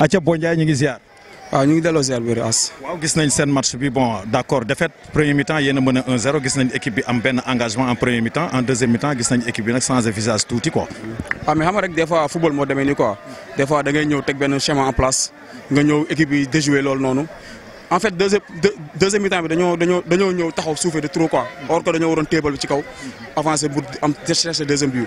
acca Boy Ndiaye ñu ngi ziar. waaw ah, ñu ngi delloo ziar biir as. waaw gis nañ sen match bi bon d'accord. accord défaite premier mi-temps yéen mëna 1-0 gis nañ équipe bi am ben engagement en premier mi-temps en deuxième mi-temps gis nañ équipe bi nak sans visage touti quoi. ah mais xam rek des fois football mo démé ni quoi des fois da ngay ñëw tek ben schéma en place nga ñëw équipe bi déjouer lool non. en fait deuxième deuxième mi-temps bi dañoo dañoo dañoo ñëw taxaw suufee de trop quoi or que dañoo waron téebal bi ci kaw avancer pour am chercher deuxième but.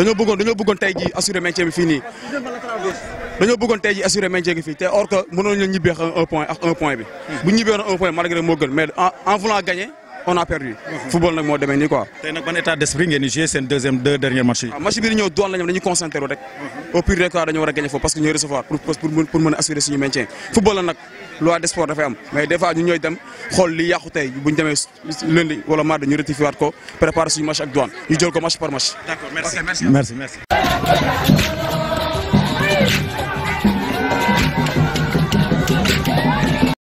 dañoo bëggoon dañoo bëggoon tey ji assurer maintien bi fii nii dañoo bëggoon tey ji assurer maintien bi fii te or que mënoon nañu ñibbee ak un point bi hmm. bu ñibbee un point malgré moo gën mais en voulant gagner on a perdu. Hmm. football nag moo demee nii quoi. tey nag ban état d'esprit ngeen di joué ah, rek. Hmm. au pire des dañoo war a gagner foofu parce que ñooy recevoir pour mën a assurer suñu maintien football nag. loi des sports dafay am mais des fois ñu ñooy dem xool li yàqu bu ñu demee lundi wala mardi ñu rectifié waat ko préparer suñu match ak douane ñu jël ko match par match.